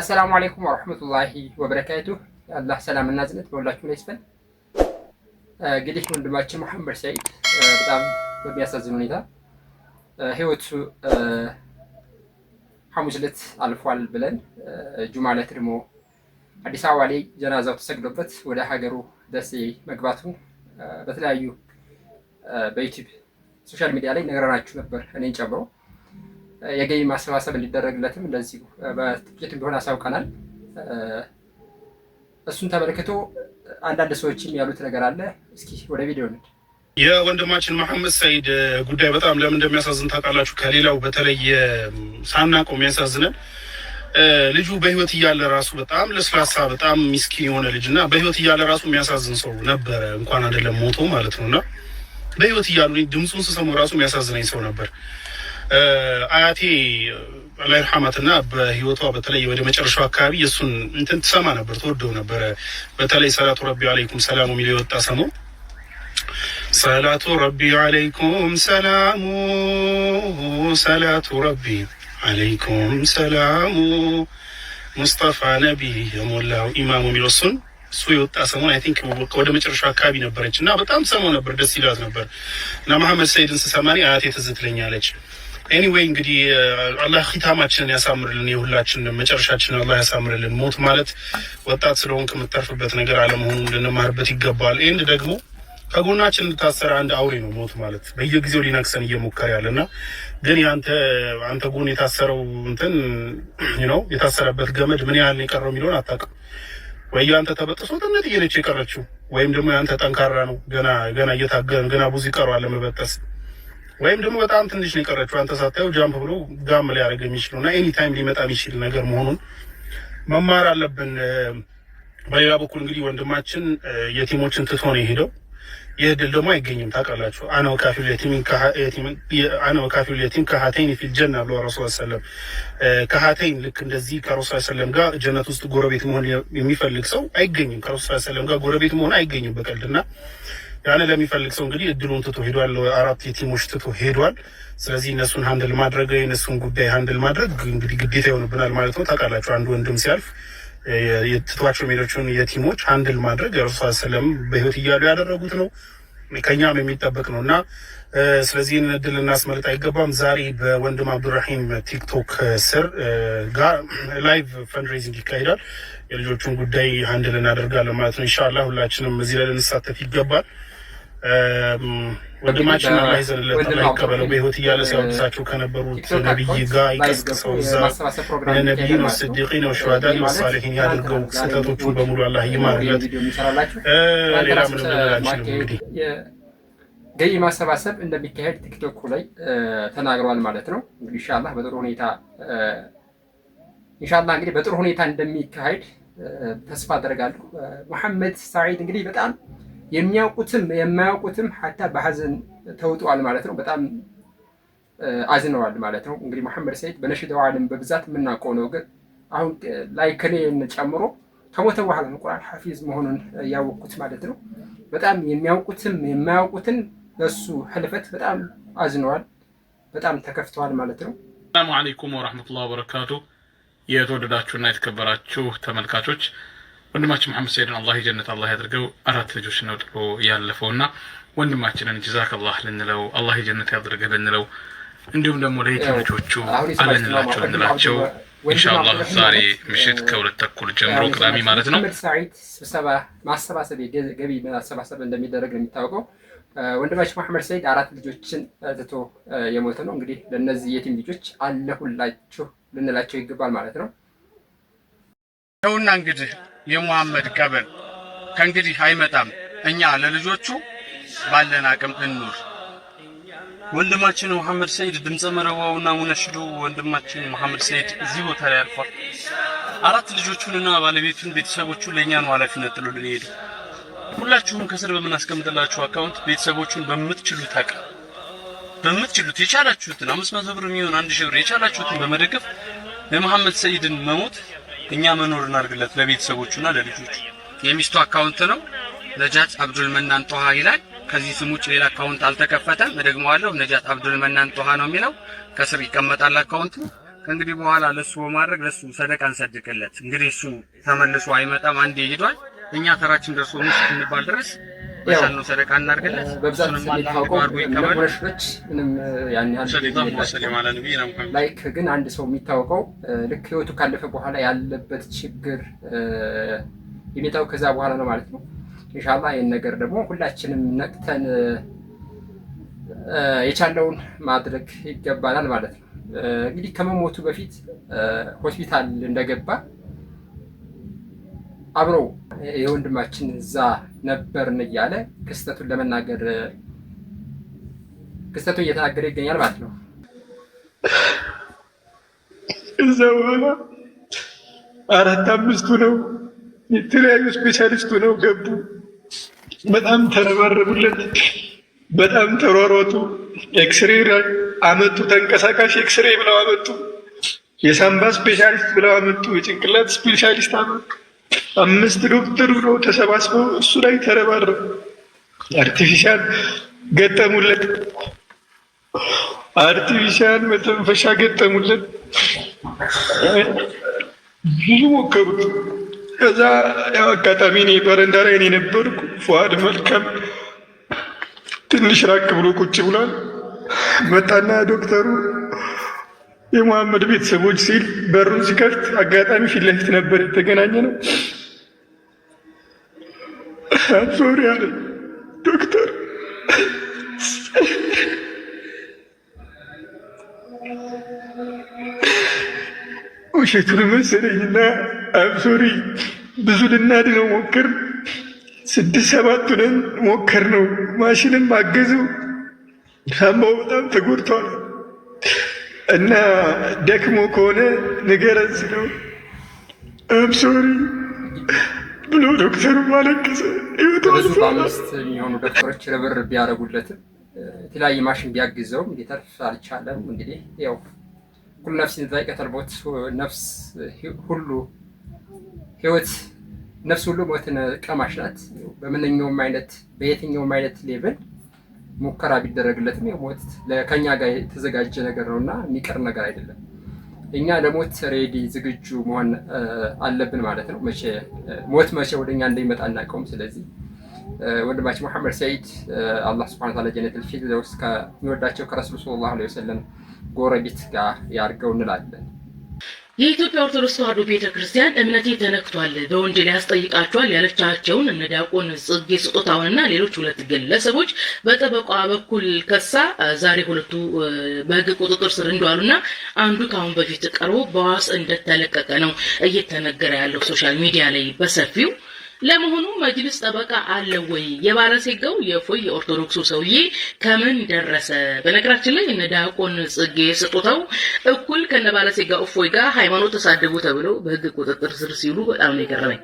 አሰላሙ አሌይኩም ወረህመቱላሂ ወበረካቱ። የአላህ ሰላምና እዝነት በሁላችሁ ላይ ይስፈን። እንግዲህ ወንድማችን መሐመድ ሰዒድ በጣም በሚያሳዝን ሁኔታ ህይወቱ ሐሙስ ዕለት አልፏል ብለን ጁማ ዕለት ደግሞ አዲስ አበባ ላይ ጀናዛው ተሰግዶበት ወደ ሀገሩ ደሴ መግባቱ በተለያዩ በዩቲዩብ ሶሻል ሚዲያ ላይ ነግረናችሁ ነበር እኔን ጨምሮ የገቢ ማሰባሰብ እንዲደረግለትም እንደዚሁ በጥቂት ቢሆን አሳውቀናል። እሱን ተመልክቶ አንዳንድ ሰዎችም ያሉት ነገር አለ። እስኪ ወደ ቪዲዮ ንድ የወንድማችን መሐመድ ሰይድ ጉዳይ በጣም ለምን እንደሚያሳዝን ታውቃላችሁ? ከሌላው በተለየ ሳናቆ የሚያሳዝነን ልጁ በህይወት እያለ ራሱ በጣም ለስላሳ በጣም ሚስኪን የሆነ ልጅ እና በህይወት እያለ ራሱ የሚያሳዝን ሰው ነበረ። እንኳን አይደለም ሞቶ ማለት ነው እና በህይወት እያሉ ድምፁን ስሰሙ ራሱ የሚያሳዝነኝ ሰው ነበር። አያቴ ላይ ርሐማትና በህይወቷ በተለይ ወደ መጨረሻው አካባቢ የእሱን እንትን ትሰማ ነበር፣ ትወደው ነበረ። በተለይ ሰላቱ ረቢ አለይኩም ሰላሙ የሚለው የወጣ ሰሞን ሰላቱ ረቢ አለይኩም ሰላሙ ሰላቱ ረቢ አለይኩም ሰላሙ ሙስጠፋ ነቢ የሞላው ኢማሙ የሚለው እሱን እሱ የወጣ ሰሞን አይ ቲንክ ወደ መጨረሻው አካባቢ ነበረች እና በጣም ሰማው ነበር፣ ደስ ይላት ነበር እና መሐመድ ሰይድን ስሰማኒ አያቴ ትዝ ትለኛለች። ኤኒዌይ እንግዲህ አላህ ኪታማችንን ያሳምርልን፣ የሁላችን መጨረሻችንን አላህ ያሳምርልን። ሞት ማለት ወጣት ስለሆን ከምትተርፍበት ነገር አለመሆኑን ልንማርበት ይገባል። ኤንድ ደግሞ ከጎናችን እንድታሰረ አንድ አውሬ ነው ሞት ማለት በየጊዜው ሊነክሰን እየሞከረ ያለ እና ግን አንተ ጎን የታሰረው እንትን ነው የታሰረበት ገመድ ምን ያህል የቀረው የሚለውን አታውቅም። ወይ አንተ ተበጥሶ ትነት እየነች የቀረችው ወይም ደግሞ የአንተ ጠንካራ ነው ገና ገና እየታገን ገና ብዙ ይቀረዋል ለመበጠስ ወይም ደግሞ በጣም ትንሽ ነው የቀረችው አንተ ሳታየው ጃምፕ ብሎ ጋም ሊያደርግ የሚችለው እና ኤኒ ታይም ሊመጣ የሚችል ነገር መሆኑን መማር አለብን። በሌላ በኩል እንግዲህ ወንድማችን የቲሞችን ትቶ ነው የሄደው። ይህ ድል ደግሞ አይገኝም። ታውቃላችሁ አነ ወካፊሉ የቲም ከሀተይን ፊል ጀና ብሎ ረሱ ሰለም ከሀተይን ልክ እንደዚህ ከረሱ ሰለም ጋር ጀነት ውስጥ ጎረቤት መሆን የሚፈልግ ሰው አይገኝም። ከረሱ ሰለም ጋር ጎረቤት መሆን አይገኝም በቀልድና ያ ለሚፈልግ የሚፈልግ ሰው እንግዲህ እድሉን ትቶ ሄዷል። አራት የቲሞች ትቶ ሄዷል። ስለዚህ እነሱን ሀንድል ማድረግ የእነሱን ጉዳይ ሀንድል ማድረግ እንግዲህ ግዴታ ይሆንብናል ማለት ነው። ታውቃላችሁ አንድ ወንድም ሲያልፍ የትቷቸው ሜዶችን የቲሞች ሀንድል ማድረግ እርሷ ሰለም በህይወት እያሉ ያደረጉት ነው ከኛም የሚጠበቅ ነው እና ስለዚህ እድል እናስመልጥ አይገባም። ዛሬ በወንድም አብዱራሂም ቲክቶክ ስር ጋር ላይቭ ፈንድሬዚንግ ይካሄዳል። የልጆቹን ጉዳይ ሀንድል እናደርጋለን ማለት ነው። ኢንሻላህ ሁላችንም እዚህ ላይ ልንሳተፍ ይገባል። ወንድማችን አላህ ይዘንለት አላህ ይቀበለው። በህይወት እያለ ሲያወድሳቸው ከነበሩት ነቢይ ጋር ይቀስቅሰው፣ እዛ ነቢይን ወስዲቂን ወሸሃዳን ወሳሊሒን ያድርገው። ስህተቶቹን በሙሉ አላህ ይማርለት። ሌላ ምን ምንም አንችልም እንግዲህ ገይ ማሰባሰብ እንደሚካሄድ ቲክቶኩ ላይ ተናግረዋል ማለት ነው። እንግዲህ ኢንሻላህ በጥሩ ሁኔታ ኢንሻላህ እንግዲህ በጥሩ ሁኔታ እንደሚካሄድ ተስፋ አደርጋለሁ። መሐመድ ሳዒድ እንግዲህ በጣም የሚያውቁትም የማያውቁትም ሀታ በሀዘን ተውጠዋል ማለት ነው። በጣም አዝነዋል ማለት ነው። እንግዲህ መሐመድ ሰይድ በነሽዳው ዓለም በብዛት የምናውቀው ነው። ግን አሁን ላይ ከኔን ጨምሮ ከሞተ በኋላ ነው ቁርአን ሐፊዝ መሆኑን ያወቅኩት ማለት ነው። በጣም የሚያውቁትም የማያውቁትን በሱ ህልፈት በጣም አዝነዋል፣ በጣም ተከፍተዋል ማለት ነው። ሰላሙ አለይኩም ወራህመቱላሂ ወበረካቱ። የተወደዳችሁና የተከበራችሁ ተመልካቾች ወንድማችን መሐመድ ሰይድን አላህ የጀነት አላህ ያድርገው። አራት ልጆች ነው ጥሎ ያለፈውና ወንድማችንን ጅዛክ ጅዛከላህ ልንለው አላህ የጀነት ያድርገ ልንለው እንዲሁም ደግሞ ለየት ልጆቹ አለንላቸው ልንላቸው ኢንሻአላህ ዛሬ ምሽት ከሁለት ተኩል ጀምሮ ቅዳሜ ማለት ነው ሳዒድ ስብሰባ ማሰባሰብ ገቢ ማሰባሰብ እንደሚደረግ ነው የሚታወቀው። ወንድማችን መሐመድ ሰይድ አራት ልጆችን ትቶ የሞተ ነው። እንግዲህ ለእነዚህ የቲም ልጆች አለሁላችሁ ልንላቸው ይገባል ማለት ነው ነውና እንግዲህ የሙሐመድ ቀብር ከእንግዲህ አይመጣም። እኛ ለልጆቹ ባለን አቅም እንኑር። ወንድማችን መሐመድ ሰይድ ድምፀ መረዋውና ሙነሽዱ ወንድማችን መሐመድ ሰይድ እዚህ ቦታ ላይ አልፏል። አራት ልጆቹንና ባለቤቱን ቤተሰቦቹን ለእኛ ነው ኃላፊነት ጥሎልን ሄዱ። ሁላችሁም ከስር በምናስቀምጥላችሁ አካውንት ቤተሰቦቹን በምትችሉት አቅም በምትችሉት የቻላችሁትን አምስት መቶ ብር የሚሆን አንድ ሺህ ብር የቻላችሁትን በመደገፍ የመሐመድ ሰይድን መሞት እኛ መኖር እናድርግለት ለቤተሰቦቹና ለልጆቹ። የሚስቱ አካውንት ነው ነጃት አብዱል መናን ጦሃ ይላል። ከዚህ ስም ውጭ ሌላ አካውንት አልተከፈተም። እደግመዋለሁ፣ ነጃት አብዱል መናን ጦሃ ነው የሚለው። ከስር ይቀመጣል አካውንቱ። ከእንግዲህ በኋላ ለሱ በማድረግ ለሱ ሰደቃ እንሰድቅለት። እንግዲህ እሱ ተመልሶ አይመጣም፣ አንዴ ሄዷል። እኛ ተራችን ደርሶ እንባል ድረስ በሰኑ ላይክ ግን አንድ ሰው የሚታወቀው ልክ ህይወቱ ካለፈ በኋላ ያለበት ችግር የሚታወቅ ከዛ በኋላ ነው ማለት ነው። እንሻላ ይህን ነገር ደግሞ ሁላችንም ነቅተን የቻለውን ማድረግ ይገባናል ማለት ነው። እንግዲህ ከመሞቱ በፊት ሆስፒታል እንደገባ አብረው የወንድማችን እዛ ነበርን እያለ ክስተቱን ለመናገር ክስተቱን እየተናገረ ይገኛል ማለት ነው። እዛ በኋላ አራት አምስቱ ነው የተለያዩ ስፔሻሊስቱ ነው ገቡ። በጣም ተረባረቡለት፣ በጣም ተሯሯጡ። ኤክስሬ አመጡ፣ ተንቀሳቃሽ ኤክስሬ ብለው አመጡ፣ የሳምባ ስፔሻሊስት ብለው አመጡ፣ የጭንቅላት ስፔሻሊስት አመጡ። አምስት ዶክተር ነው ተሰባስበው እሱ ላይ ተረባረ አርቲፊሻል ገጠሙለት፣ አርቲፊሻል መተንፈሻ ገጠሙለት። ብዙ ሞከሩት። ከዛ ያው አጋጣሚ እኔ በረንዳ ላይ ነው የነበርኩ። ፏድ መልካም ትንሽ ራቅ ብሎ ቁጭ ብሏል። መጣና ዶክተሩ የሙሐመድ ቤተሰቦች ሲል በሩን ሲከፍት አጋጣሚ ፊት ለፊት ነበር የተገናኘ ነው። አብሶሪ አለ ዶክተር ውሸቱን መሰለኝና አብሶሪ ብዙ ልናድነው ሞክር ስድስት ሰባቱንን ሞከር ነው። ማሽንም አገዙ። ሳምባው በጣም ተጎድቷል። እና ደክሞ ከሆነ ንገረን ስለው እብሶሪ ብሎ ዶክተሩ አለቀሰ። ብዙ አምስት የሚሆኑ ዶክተሮች ርብር ቢያደርጉለትም የተለያየ ማሽን ቢያግዘውም ሊተርፍ አልቻለም። እንግዲህ ያው ሁሉ ነፍስ የጠቂቀተል ቦት ነፍስ ሁሉ ህይወት ነፍስ ሁሉ ሞትን ቀማሽ ናት። በምንኛውም አይነት በየትኛውም አይነት ሌብል ሙከራ ቢደረግለትም የሞት ከኛ ጋር የተዘጋጀ ነገር ነው እና የሚቀር ነገር አይደለም። እኛ ለሞት ሬዲ ዝግጁ መሆን አለብን ማለት ነው። ሞት መቼ ወደ እኛ እንደሚመጣ አናውቀውም። ስለዚህ ወንድማችን ሙሐመድ ሰይድ አላህ ስብሐነ ወተዓላ ጀነቱል ፊርደውስ ከሚወዳቸው ከረሱል ሰለላሁ ዐለይሂ ወሰለም ጎረቤት ጋር ያድርገው እንላለን። የኢትዮጵያ ኦርቶዶክስ ተዋሕዶ ቤተ ክርስቲያን እምነቴ ተነክቷል በወንጀል ያስጠይቃቸዋል ያለቻቸውን እነ ዲያቆን ጽጌ ስጦታውንና ሌሎች ሁለት ግለሰቦች በጠበቋ በኩል ከሳ ዛሬ ሁለቱ በሕግ ቁጥጥር ስር እንደዋሉና አንዱ ከአሁን በፊት ቀርቦ በዋስ እንደተለቀቀ ነው እየተነገረ ያለው ሶሻል ሚዲያ ላይ በሰፊው። ለመሆኑ መጅልስ ጠበቃ አለ ወይ? የባለሴጋው የፎይ የኦርቶዶክሱ ሰውዬ ከምን ደረሰ? በነገራችን ላይ እነ ዲያቆን ጽጌ ስጦታው እኩል ከነ ባለሴጋ እፎይ ጋር ሃይማኖት ተሳደቡ ተብለው በህግ ቁጥጥር ስር ሲሉ በጣም ነው የገረመኝ።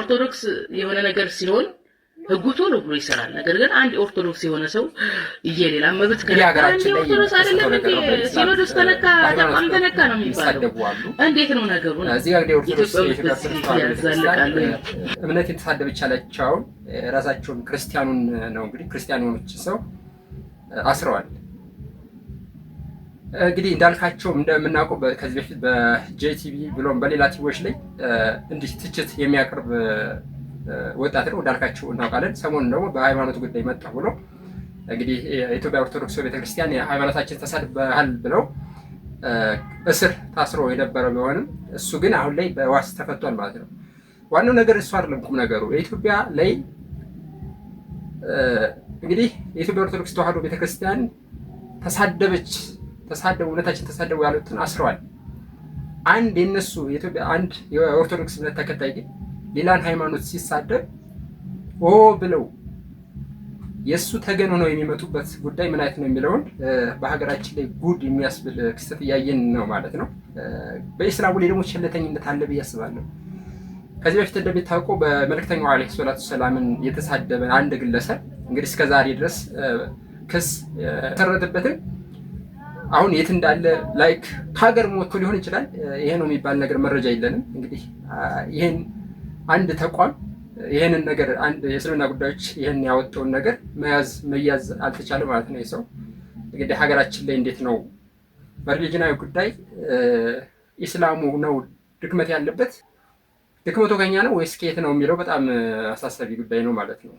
ኦርቶዶክስ የሆነ ነገር ሲሆን ህጉ ቶሎ ብሎ ይሰራል። ነገር ግን አንድ ኦርቶዶክስ የሆነ ሰው እየሌላ መብት ሲኖዶስ ተነካ፣ ተቋም ተነካ ነው የሚባለው። እንዴት ነው ነገሩ? እምነት የተሳደበች ያላቸው ራሳቸውን ክርስቲያኑን ነው እንግዲህ ክርስቲያን የሆነች ሰው አስረዋል። እንግዲህ እንዳልካቸው እንደምናውቀው ከዚህ በፊት በጄቲቪ ብሎም በሌላ ቲቪዎች ላይ እንዲህ ትችት የሚያቀርብ ወጣትን ወዳልካቸው እናውቃለን። ሰሞኑን ደግሞ በሃይማኖት ጉዳይ መጣ ብሎ እንግዲህ የኢትዮጵያ ኦርቶዶክስ ቤተክርስቲያን የሃይማኖታችን ተሳድበሃል ብለው እስር ታስሮ የነበረ ቢሆንም እሱ ግን አሁን ላይ በዋስ ተፈቷል ማለት ነው። ዋናው ነገር እሱ አይደለም ቁም ነገሩ የኢትዮጵያ ላይ እንግዲህ የኢትዮጵያ ኦርቶዶክስ ተዋህዶ ቤተክርስቲያን ተሳደበች ተሳደቡ እምነታችን ተሳደቡ ያሉትን አስረዋል። አንድ የነሱ የኢትዮጵያ አንድ የኦርቶዶክስ እምነት ተከታይ ግን ሌላን ሃይማኖት ሲሳደብ ኦ ብለው የእሱ ተገን ነው የሚመጡበት ጉዳይ ምን አይነት ነው የሚለውን በሀገራችን ላይ ጉድ የሚያስብል ክስተት እያየን ነው ማለት ነው። በኢስላሙ ላይ ደግሞ ቸለተኝነት አለ ብዬ አስባለሁ። ከዚህ በፊት እንደሚታወቀው በመልክተኛው ዓለይሂ ሰላቱ ሰላምን የተሳደበ አንድ ግለሰብ እንግዲህ እስከ ዛሬ ድረስ ክስ የተመሰረተበትን አሁን የት እንዳለ ላይክ ከሀገር ሞቶ ሊሆን ይችላል። ይሄ ነው የሚባል ነገር መረጃ የለንም። እንግዲህ ይሄን አንድ ተቋም ይህንን ነገር አንድ የእስልምና ጉዳዮች ይህን ያወጣውን ነገር መያዝ መያዝ አልተቻለ ማለት ነው። የሰው እንግዲህ ሀገራችን ላይ እንዴት ነው በሪሊጅናዊ ጉዳይ ኢስላሙ ነው ድክመት ያለበት ድክመቱ ከኛ ነው ወይስ ከየት ነው የሚለው በጣም አሳሳቢ ጉዳይ ነው ማለት ነው።